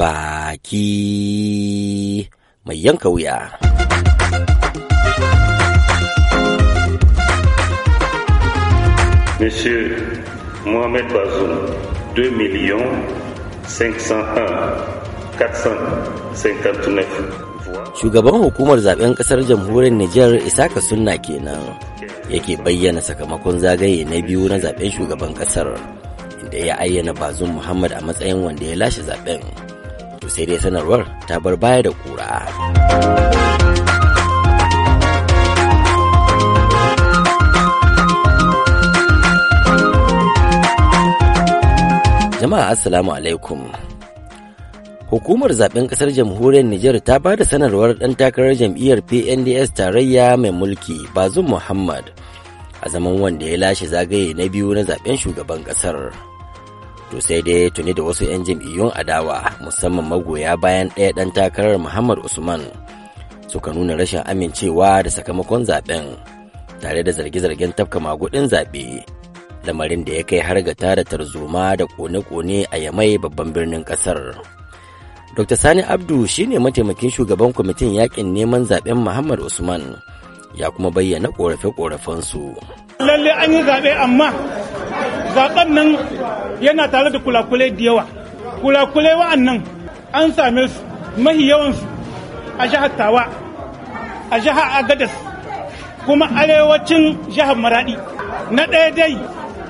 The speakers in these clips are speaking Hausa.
baki mai yanka wuya. Monsieur Mohamed Bazoum, 2 millions 501 Shugaban hukumar zaben kasar jamhuriyar Nijar Isaka Sunna kenan yake bayyana sakamakon zagaye na biyu na zaben shugaban kasar. inda ya ayyana bazum muhammad a matsayin wanda ya lashe zaben sai dai sanarwar ta bar baya da kura. Jama'a Assalamu alaikum. Hukumar zaben kasar jamhuriyar Nijar ta ba da sanarwar ɗan takarar jam'iyyar PNDS tarayya mai mulki Bazum Muhammad a zaman wanda ya lashe zagaye na biyu na zaben shugaban ƙasar. to sai dai tuni da wasu 'yan jam'iyyun adawa musamman magoya bayan ɗaya ɗan takarar muhammad usman suka nuna rashin amincewa da sakamakon zaben tare da zarge-zargen tafka magudin zaɓe lamarin da ya kai har ga tara tarzoma da kone-kone a yamai babban birnin ƙasar dr sani abdu shine mataimakin shugaban kwamitin yakin neman zaben muhammad usman ya kuma bayyana korafe-korafensu lalle an yi zaɓe amma zaɓen nan yana tare da kulakulai da yawa kulakulai wa'annan an same su mahi yawansu a jihar tawa a jihar agadas kuma arewacin jihar maradi na ɗaya dai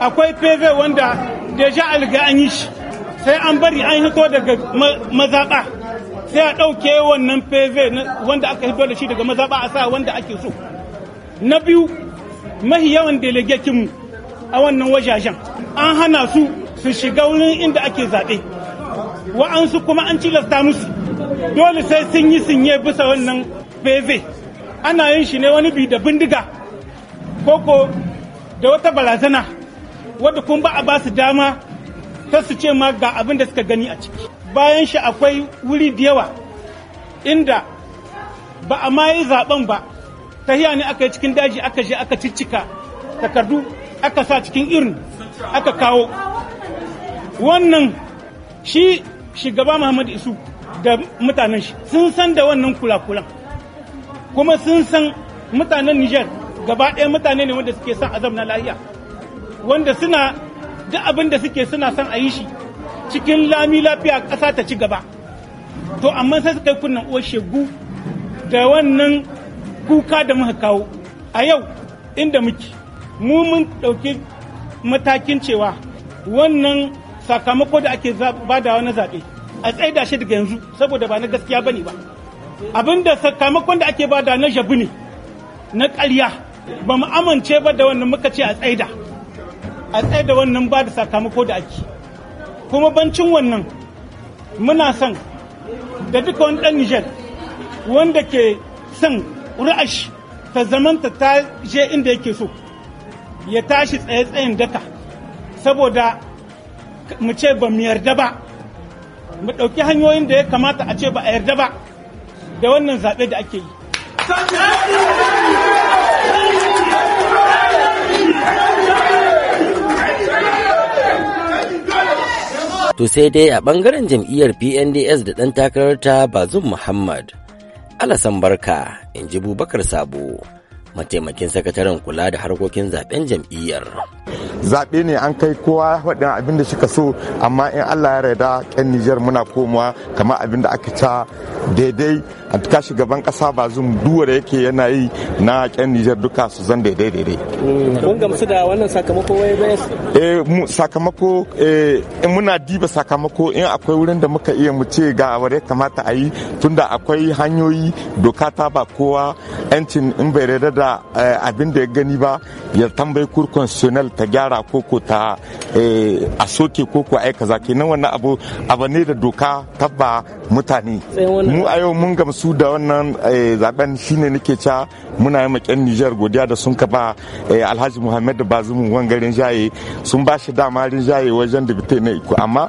akwai pv wanda da ja alga an yi shi sai an bari an hito daga mazaɓa sai a ɗauke wannan pv wanda aka hito da shi daga mazaɓa a sa wanda ake so na biyu mahi yawan mu. a wannan wajajen an hana su su shiga wurin inda ake zaɓe wa'ansu kuma an cilasta musu dole sai sun yi sinye bisa wannan beze ana yin shi ne wani bi da bindiga koko da wata barazana wadda kun ba a ba su dama ta su ce ma ga abin da suka gani a ciki bayan shi akwai wuri da yawa inda ba a ma yi zaben ba ta ne aka yi cikin daji aka je aka ciccika takardu aka sa cikin irin aka kawo wannan shi shugaba muhammad isu da mutanen shi sun san da wannan kula-kulan kuma sun san mutanen niger gaba ɗaya mutane ne wanda suke son azam na lahiya wanda suna duk abin da suke suna san a yi shi cikin lami lafiya ƙasa ta ci gaba to amma sai suka yi kunnan uwar shegu da wannan kuka da muka kawo a yau inda muke mu mun ɗauki matakin cewa wannan sakamako da ake da na zaɓe a tsaida shi daga yanzu saboda ba na gaskiya ba ne ba abinda sakamakon da ake da na jabu ne na ƙarya ba mu amince ba da wannan muka ce a tsaida a tsaida wannan ba da sakamako da ake kuma bancin wannan muna son da duka wani ɗan nijar wanda ke son ra'ashi ta zamanta ta je inda yake so ya tashi tsaye-tsayen daka saboda mu ce ba mu yarda ba mu ɗauki hanyoyin da ya kamata a ce ba a yarda ba da wannan zaɓe da ake yi To sai dai a ɓangaren jam'iyyar PNDS da ɗan takararta Bazum Muhammad, Alasan Barka, in ji Bubakar Sabo. mataimakin sakataren kula da harkokin zaben jam'iyyar. zaɓe ne an kai kowa waɗin abin da suka so amma in allah ya raida ƙyan nijar muna komawa kamar abin da aka ca daidai a tuka shugaban ƙasa ba zum da yake yana yi na ƙyan nijar duka su zan daidai daidai. mun gamsu da wannan sakamako wai bayas? eh mu sakamako eh muna diba sakamako in akwai wurin da muka iya mu ce ga awar ya kamata a yi tunda akwai hanyoyi doka ta ba kowa 'yancin in bai da eh, abin da ya gani ba ya tambayi kur constitutional ta gyara tara koko ta eh, a soke koko a zaki kenan wannan abu abu ne da doka tabba mutane mu a yau mun gamsu da wannan eh, zaben shine nake ca muna yi yan Nijar godiya da sun kaba eh, Alhaji muhammadu Bazumu wangarin jaye sun ba shi dama jaye wajen da bitai na iko amma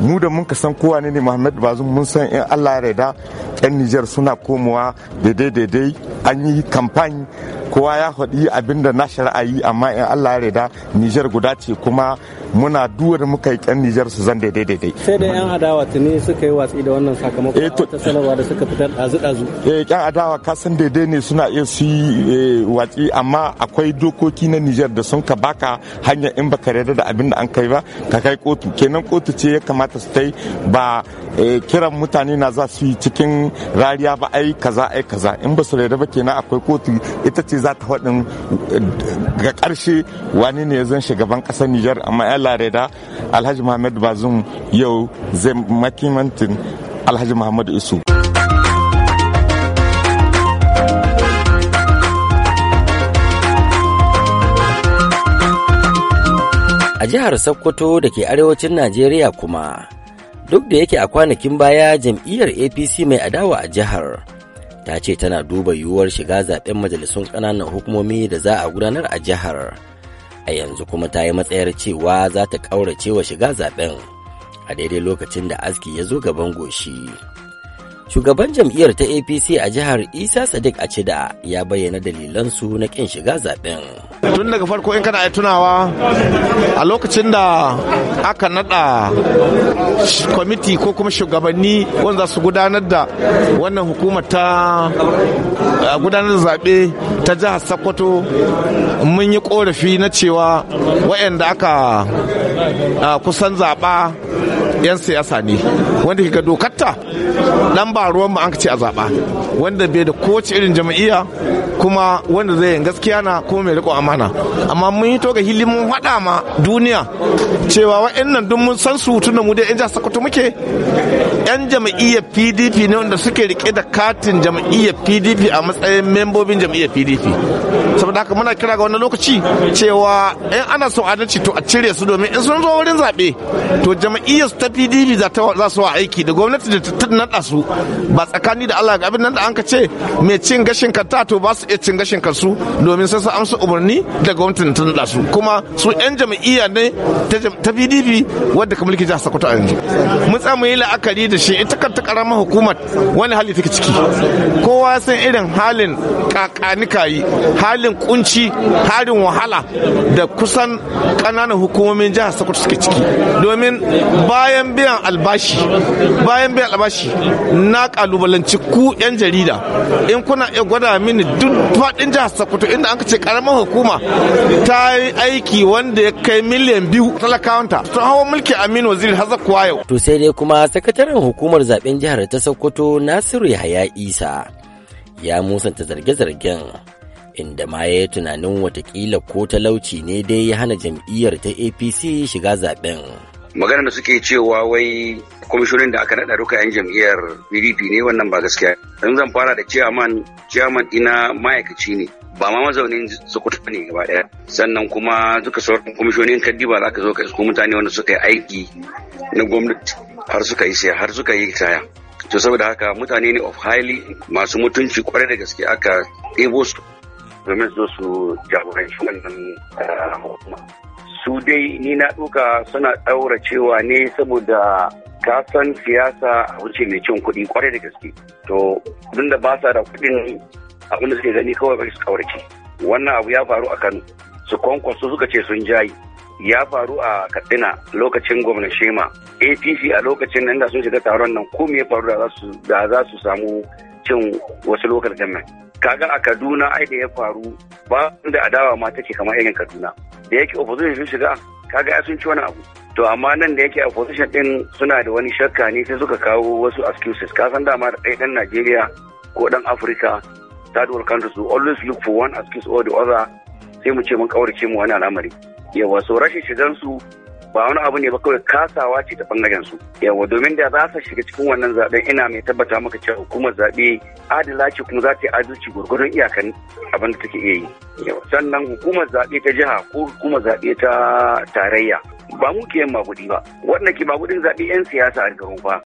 mu da mun san kowa ne ne Muhammad Bazum mun san in Allah ya yarda yan Nijar suna komowa daidai daidai an yi kamfani kowa ya faɗi abin da na ra'ayi amma in Allah ya reda Nijar guda ce kuma muna duwar muka yi ƙyan Nijar su zan daidai daidai. Sai da 'yan adawa tuni suka yi watsi da wannan sakamakon a eh, wata sanarwa da suka fitar ɗazu ɗazu. Eh 'yan adawa san daidai ne suna iya su yi eh, watsi amma akwai dokoki na Nijar da sun ka baka hanya in baka reda da abin da an kai ba ka kai kotu kenan kotu ce ya kamata su ta yi ba Eh, kiran mutane na za su yi cikin rariya ba ai kaza ai kaza in ba su da ba kenan akwai kotu ita ce za ta faɗin eh, ga ƙarshe wani ne zan shugaban ƙasar Nijar amma ya lareda Alhaji Muhammad Bazum yau zai makimantin Alhaji Muhammad Isu. a jihar Sokoto da ke arewacin Najeriya kuma duk da yake a kwanakin baya jam'iyyar apc mai adawa a jihar ta ce tana duba yiwuwar shiga zaben majalisun ƙananan hukumomi da za a gudanar a jihar a yanzu kuma ta yi matsayar cewa za ta ƙaurace wa shiga zaben a daidai lokacin da aski ya zo gaban goshi shugaban jam'iyyar ta apc a jihar isa sadiq acida ya bayyana dalilansu na kin shiga zaben tun daga farko in kana tunawa a lokacin da aka nada kwamiti ko kuma shugabanni wanda su gudanar da wannan hukumar ta gudanar da zaɓe ta jihar sokoto mun yi korafi na cewa waɗanda aka kusan zaɓa 'yan siyasa ne wanda ke dokarta dan ba ruwan mu an ce a zaɓa wanda bai da kowace irin jam'iyya kuma wanda zai yin gaskiya na kuma mai riko amana amma mun hito ga hili mun haɗa ma duniya cewa wa'annan duk mun san su tunda mu da yan jihar sokoto muke yan jam'iyyar pdp ne wanda suke rike da katin jam'iyyar pdp a matsayin membobin jam'iyyar pdp saboda haka muna kira ga wani lokaci cewa in ana son adalci to a cire su domin in sun zo wurin zabe to jam'iyyar ta pdp za su wa aiki da gwamnati da ta naɗa su ba tsakani da allah ga abin nan da an ka ce mai cin gashin kanta to ba su iya cin gashin kansu domin sai su amsa umarni da gwamnatin ta da su kuma su yan jam'iyya ne ta PDP wadda ka mulki jihar Sokoto a yanzu mun tsamu yi la'akari da shi ita kanta karamar hukumar wani hali take ciki kowa san irin halin kakanika yi halin kunci halin wahala da kusan kananan hukumomin jihar Sokoto suke ciki domin bayan biyan albashi bayan biyan albashi na kalubalanci ku yan jarida in kuna iya gwada mini duk faɗin jihar Sokoto inda an ce karamar hukuma ta yi aiki wanda ya kai miliyan biyu talakawanta sun hawa mulki aminu waziri har kuwa yau to sai dai kuma sakataren hukumar zaben jihar ta sokoto nasiru yahaya isa ya musanta zarge-zargen inda ma ya tunanin watakila ko talauci ne dai ya hana jam'iyyar ta apc shiga zaben magana da suke cewa wai kwamishonin da aka naɗa duka 'yan jam'iyyar pdp ne wannan ba gaskiya yanzu zan fara da ciyaman ciyaman ina ma'aikaci ne ba ma mazaunin sokoto ne gaba daya sannan kuma duka sauran kwamishonin kaddiba za ka zo ka isko mutane wanda suka yi aiki na gwamnati har suka yi siya har suka yi taya to saboda haka mutane ne of highly masu mutunci kwarai da gaske aka ɗebo su domin su su jagoranci wannan eh, hukuma su dai ni na ɗuka suna ɗaura cewa ne saboda ka san siyasa a wuce mai cin kuɗi kwarai da gaske to tunda ba sa da kuɗin abinda suke gani kawai bai su kaurace wannan abu ya faru a kano su kwankwaso suka ce sun jayi ya faru a katsina lokacin gwamnan shema apc a lokacin nan da sun shiga taron nan ko me ya faru da za su samu cin wasu lokal gamen kaga a kaduna ai da ya faru ba da adawa ma take kamar irin kaduna da yake opposition sun shiga kaga ya sun ci wani abu to amma nan da yake opposition din suna da wani shakka ne sai suka kawo wasu excuses ka san dama da ɗaya ɗan najeriya ko ɗan afirka third world countries will always look for one excuse or the other sai mu ce mun kawarce mu wani al'amari yawa so rashin shigan su ba wani abu ne ba kawai kasawa ce ta bangaren su yawa domin da za su shiga cikin wannan zaben ina mai tabbata maka cewa hukumar zaɓe adila kuma za ta yi adalci gwargwadon iyakan abin da take iya yi sannan hukumar zaɓe ta jiha ko hukumar zaɓe ta tarayya ba mu ke yin ba waɗanda ke magudin zaɓe 'yan siyasa a garin ba.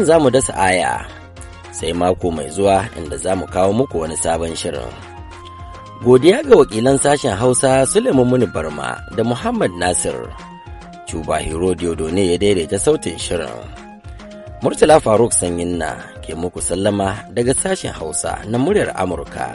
nan za mu dasa aya sai mako mai zuwa inda za mu kawo muku wani sabon shirin. Godiya ga wakilan sashen Hausa Suleiman Muni Barma da Muhammad Nasir. Cuba Hero ne ya daidaita sautin shirin. Murtala Faruk Sanyin na ke muku sallama daga sashen Hausa na muryar Amurka.